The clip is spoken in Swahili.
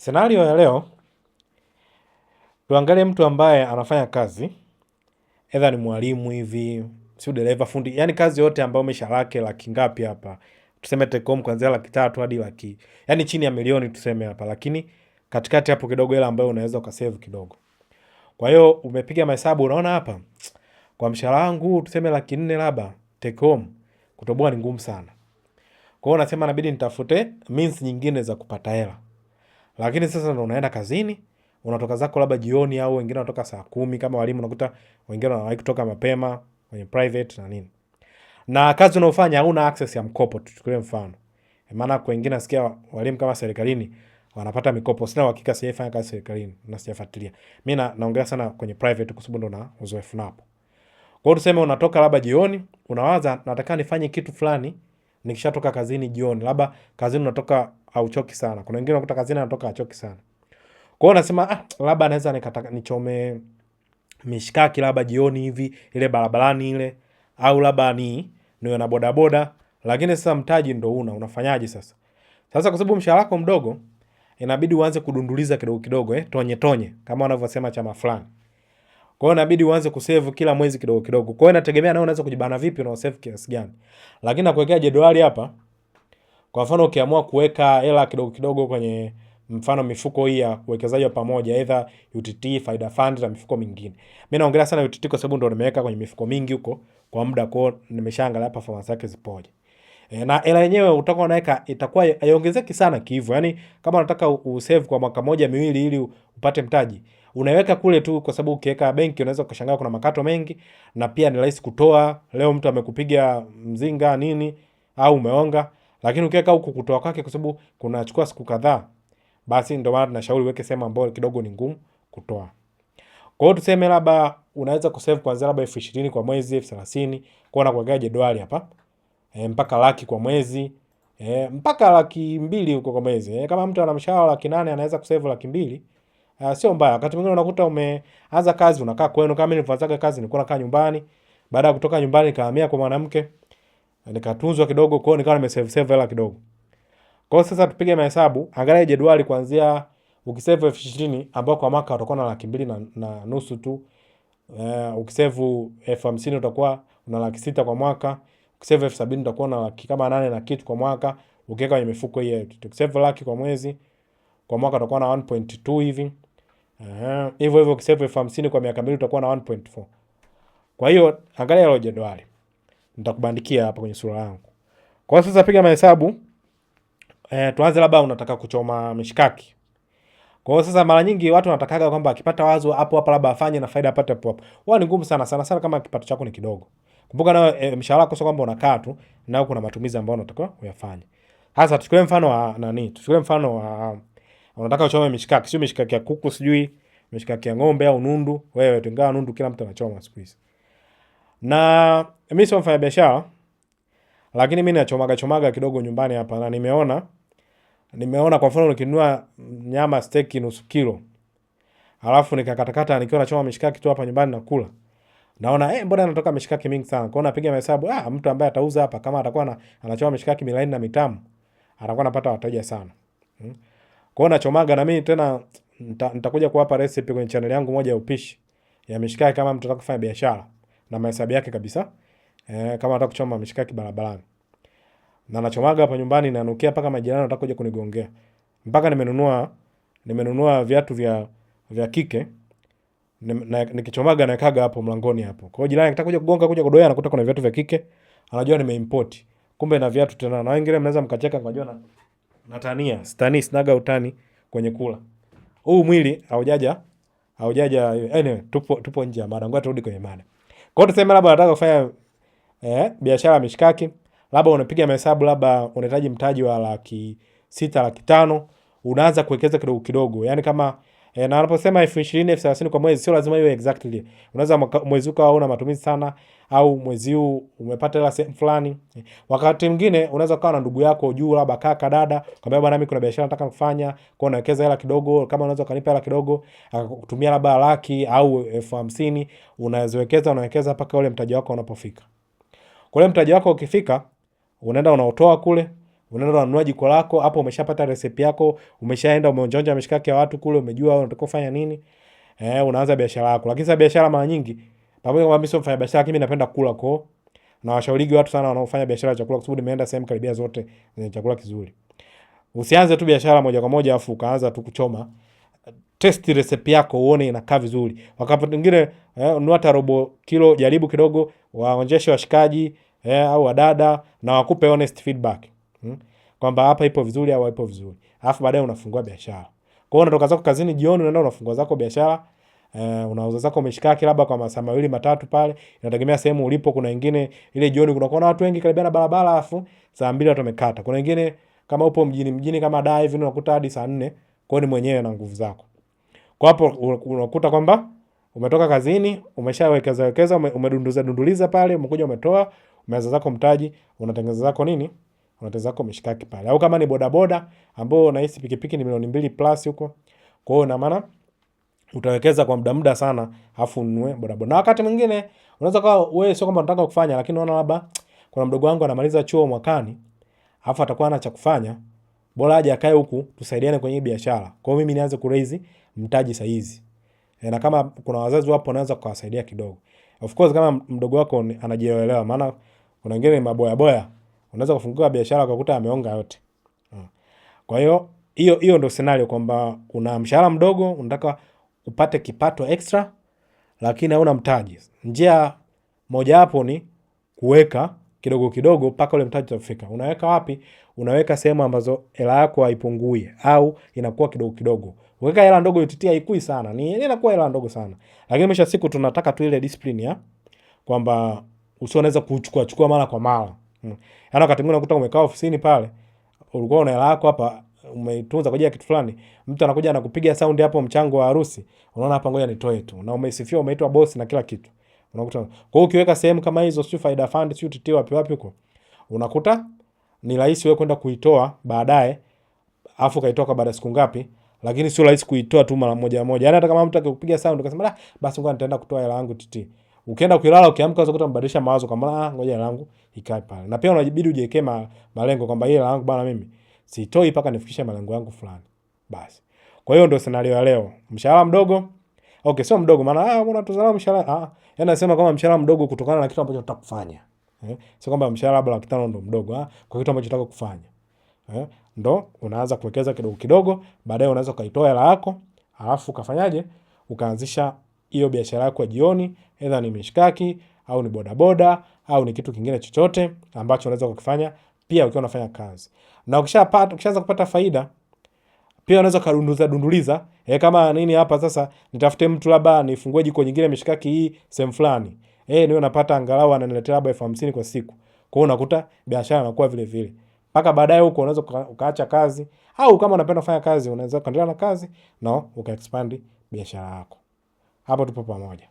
Senario ya leo tuangalie mtu ambaye anafanya kazi edha ni mwalimu hivi, si dereva, fundi, yani kazi yote ambayo mesha lake laki ngapi hapa, tuseme tekom kuanzia laki tatu hadi laki, yani chini ya milioni tuseme hapa, lakini katikati hapo kidogo, hela ambayo unaweza ukasave kidogo. Kwa hiyo umepiga mahesabu, unaona hapa kwa mshahara wangu tuseme laki nne labda take home, kutoboa ni ngumu sana. Kwa hiyo unasema inabidi nitafute means nyingine za kupata hela. Lakini sasa ndo unaenda kazini, unatoka zako labda jioni au wengine wanatoka saa kumi kama walimu, unakuta wengine wanawahi kutoka mapema kwenye private na nini, na kazi unaofanya hauna access ya mkopo. Tuchukulie mfano, maana wengine nasikia walimu kama serikalini wanapata mikopo. Sina uhakika, sijafanya kazi serikalini na sijafuatilia. Mi naongea sana kwenye private kwa sababu ndo na uzoefu napo. Kwa hiyo tuseme unatoka labda jioni, unawaza nataka nifanye kitu fulani nikishatoka kazini jioni, labda kazini unatoka auchoki sana. Kuna wengine wanakuta kazini anatoka achoki sana. Kwa hiyo nasema ah, labda anaweza nikata nichome mishkaki labda jioni hivi ile barabarani ile, au labda ni niwe na bodaboda, lakini sasa mtaji ndo una unafanyaje sasa? Sasa kwa sababu mshahara wako mdogo, inabidi uanze kudunduliza kidogo kidogo, eh, tonye tonye kama wanavyosema chama fulani. Kwa hiyo inabidi uanze kusave kila mwezi kidogo kidogo. Kwa hiyo inategemea nawe unaweza kujibana vipi na usave kiasi gani. Lakini nakuwekea jedwali hapa kwa mfano ukiamua kuweka hela kidogo kidogo kwenye mfano mifuko hii ya uwekezaji wa pamoja, either UTT, Faida Fund na mifuko mingine. Mimi naongelea sana UTT kwa sababu ndo nimeweka kwenye mifuko mingi huko kwa muda, kwa nimeshaangalia performance yake zipoje. E, na hela yenyewe utakuwa unaweka itakuwa haiongezeki sana kihivyo. Yaani kama unataka usave kwa mwaka moja miwili ili upate mtaji, unaweka kule tu kwa sababu ukiweka benki unaweza kushangaa kuna makato mengi na pia ni rahisi kutoa. Leo mtu amekupiga mzinga nini au umeonga lakini ukiweka huku kutoa kwake, kwa sababu kunachukua siku kadhaa, basi ndio maana tunashauri uweke sehemu ambayo kidogo ni ngumu kutoa. Kwa hiyo tuseme labda unaweza kusave kuanzia labda elfu ishirini kwa mwezi, elfu thelathini kwa na kuangalia jedwali hapa e, mpaka laki kwa mwezi e, mpaka laki mbili huko kwa mwezi e, kama mtu ana mshahara laki nane anaweza kusave laki mbili. e, sio mbaya. Wakati mwingine unakuta umeanza kazi unakaa kwenu, kama nilivyoanza kazi nilikuwa nakaa nyumbani, baada ya kutoka nyumbani nikahamia kwa mwanamke nikatunzwa kidogo, kwao nikawa nimesave save hela kidogo. Kwa hiyo sasa tupige mahesabu, angalia jedwali kuanzia ukisave elfu ishirini ambao kwa mwaka utakuwa na laki mbili na, na nusu tu. Uh, eh, ukisevu elfu hamsini utakuwa una laki sita kwa mwaka. Ukisevu elfu sabini utakuwa na laki kama nane na kitu kwa mwaka, ukiweka kwenye mifuko hii yetu. Ukisevu laki kwa mwezi, kwa mwaka utakuwa na 1.2 hivi. uh, Hivyo hivyo ukisevu elfu hamsini kwa miaka mbili utakuwa na 1.4. Kwa hiyo angalia hilo jedwali nitakubandikia hapa kwenye sura yangu. Kwa hiyo sasa piga mahesabu e, tuanze labda unataka kuchoma mishikaki. Kwa hiyo sasa mara nyingi watu wanatakaga kwamba akipata wazo hapo hapa labda afanye na faida apate hapo hapo. Huwa ni ngumu sana sana sana kama kipato chako ni kidogo. Kumbuka na e, eh, mshahara wako sio kwamba unakaa tu na kuna matumizi ambayo unatakiwa kuyafanya. Sasa tuchukue mfano wa nani? Tuchukue mfano wa unataka uchome mishikaki, sio mishikaki ya kuku, sijui mishikaki ya ng'ombe au nundu. Wewe tu, ingawa nundu kila mtu anachoma siku hizi na mimi sio mfanya biashara, lakini mimi nachomaga chomaga kidogo nyumbani hapa, na nimeona nimeona kwa mfano nikinunua nyama steki nusu kilo alafu nikakatakata nikiwa nachoma mishikaki tu hapa nyumbani nakula, naona eh, mbona anatoka mishikaki mingi sana. kwao napiga mahesabu, ah, mtu ambaye atauza hapa kama atakuwa na, anachoma mishikaki milaini na mitamu atakuwa anapata wateja sana. Hmm. kwao nachomaga na mimi tena nitakuja nita kuwapa recipe kwenye channel yangu moja ya upishi ya mishikaki, kama mtu anataka kufanya biashara na mahesabu yake kabisa. Eh, kama nataka kuchoma mishikaki barabarani. Na nachomaga hapa nyumbani nanukia mpaka majirani wanataka kuja kunigongea. Mpaka nimenunua nimenunua viatu vya vya kike na nikichomaga naekaga hapo mlangoni hapo. Kwa hiyo jirani akitaka kugonga kuja kudoea anakuta kuna viatu vya kike, anajua nimeimport. Kumbe na viatu tena na wengine mnaweza mkacheka mkajua na natania, stani sinaga utani kwenye kula. Huu mwili haujaja haujaja anyway, tupo tupo nje ya mada. Ngoja turudi kwenye mada kwao tuseme labda unataka kufanya eh, biashara ya mishikaki, labda unapiga mahesabu, labda unahitaji mtaji wa laki sita, laki tano, unaanza kuwekeza kidogo kidogo, yani kama E, na anaposema elfu ishirini elfu thelathini kwa mwezi sio lazima iwe exactly. Unaweza mwezi huu kawa una matumizi sana au mwezi huu umepata hela sehemu fulani. wakati mwingine unaweza ukawa na ndugu yako juu labda kaka dada, kwambia bwana, mimi kuna biashara nataka kufanya, kwa unawekeza hela kidogo, kama unaweza kanipa hela kidogo, akakutumia labda laki au elfu hamsini unaziwekeza, unawekeza mpaka ule mtaji wako unapofika. Kwa ule mtaji wako ukifika, unaenda unaotoa kule unaenda unanunua jiko lako hapo, umeshapata resepi yako, umeshaenda umeonjonja mishikaki ya watu kule, umejua unataka kufanya nini eh, unaanza biashara yako. Lakini sasa biashara mara nyingi, pamoja kwamba mimi sio mfanya biashara, lakini napenda kula kwa na washaurigi watu sana wanaofanya biashara ya chakula, kwa sababu nimeenda sehemu karibia zote zenye chakula kizuri. Usianze tu biashara moja kwa moja afu ukaanza tu kuchoma. Test recipe yako uone inakaa vizuri. Wakati mwingine ununua eh, robo kilo, jaribu kidogo, waonjeshe washikaji eh, au wadada na wakupe honest feedback. Hmm? Kwamba hapa ipo vizuri au haipo vizuri. Alafu baadaye unafungua biashara. Kwa hiyo unatoka zako kazini jioni unaenda unafungua zako biashara. Uh, unauza zako mishikaki labda kwa masaa mawili matatu pale, inategemea sehemu ulipo. Kuna wengine ile jioni kunakuwa na watu wengi karibia na barabara, afu saa mbili watu wamekata. Kuna wengine kama upo mjini mjini kama dai hivi unakuta hadi saa nne. Kwa ni mwenyewe na nguvu zako. Kwa hapo unakuta kwamba umetoka kazini, umeshawekeza wekeza, umedunduza dunduliza pale, umekuja umetoa, umeanza zako mtaji, unatengeneza zako nini? unatazama kwa mishikaki pale, au kama ni bodaboda ambao unahisi pikipiki ni milioni mbili plus huko. Kwa hiyo ina maana utawekeza kwa muda muda sana, afu ununue bodaboda. Na wakati mwingine unaweza kwa wewe, sio kama unataka kufanya, lakini unaona labda kuna mdogo wangu anamaliza chuo mwakani, afu atakuwa ana cha kufanya, bora aje akae huku tusaidiane kwenye biashara. Kwa mimi nianze ku raise mtaji saa hizi e, na kama kuna wazazi wapo naweza kuwasaidia kidogo. Of course kama mdogo wako anajielewa, maana kuna wengine ni maboya boya unaweza kufungua biashara ukakuta ameonga yote. Kwa hiyo hiyo hiyo ndio scenario kwamba una mshahara mdogo, unataka upate kipato extra, lakini hauna mtaji. Njia moja hapo ni kuweka kidogo kidogo mpaka ule mtaji utafika. Unaweka wapi? Unaweka sehemu ambazo hela yako haipungui au inakuwa kidogo kidogo. Weka hela ndogo UTT haikui sana. Ni inakuwa hela ndogo sana. Lakini mwisho siku tunataka tu ile discipline ya kwamba usioweza kuchukua chukua mara kwa mara mm. Yaani wakati mwingine unakuta umekaa ofisini pale, ulikuwa una hela yako hapa umeitunza kwa ajili ya kitu fulani, mtu anakuja anakupiga saundi hapo, mchango wa harusi, unaona hapa, ngoja nitoe tu, na umesifiwa, umeitwa bosi na kila kitu, unakuta. Kwa hiyo ukiweka sehemu kama hizo, sio faida fund, sio TT, wapi wapi huko, unakuta ni rahisi wewe kwenda kuitoa baadaye, afu baada siku ngapi, lakini sio rahisi kuitoa tu mara moja moja. Yani hata kama mtu akikupiga ukasema, ah, basi ngoja nitaenda kutoa hela yangu TT ukienda kulala ukiamka unakuta mbadilisha mawazo kwamba ah, ngoja langu ikae pale. Na pia unajibidi ujiwekee ma, malengo kwamba ile langu bana, mimi sitoi mpaka nifikishe malengo yangu fulani. Basi. Kwa hiyo ndio scenario ya leo. Mshahara mdogo. Okay, sio mdogo maana ah, kuna tuzalao mshahara ah, yani nasema kama mshahara mdogo kutokana na kitu ambacho unataka kufanya. Eh? Sio kwamba mshahara labda laki tano ndio mdogo ah, kwa kitu ambacho unataka kufanya. Eh? Ndo unaanza kuwekeza kidogo kidogo, baadaye unaweza ukaitoa hela yako, alafu ukafanyaje? Ukaanzisha hiyo biashara yako ya jioni, aidha ni mishkaki au ni bodaboda au ni kitu kingine chochote ambacho unaweza kukifanya pia ukiwa unafanya kazi. Na ukishapata ukishaanza kupata faida pia unaweza kadunduza dunduliza e, kama nini hapa sasa, nitafute mtu labda nifungue jiko nyingine mishikaki hii sehemu fulani e, niwe napata angalau ananiletea labda elfu hamsini kwa siku. Kwa hiyo unakuta biashara inakuwa vile vile mpaka baadaye huko unaweza ukaacha kazi, au kama unapenda kufanya kazi unaweza ukaendelea na kazi na no, ukaexpand biashara yako. Abra o Papa Maria.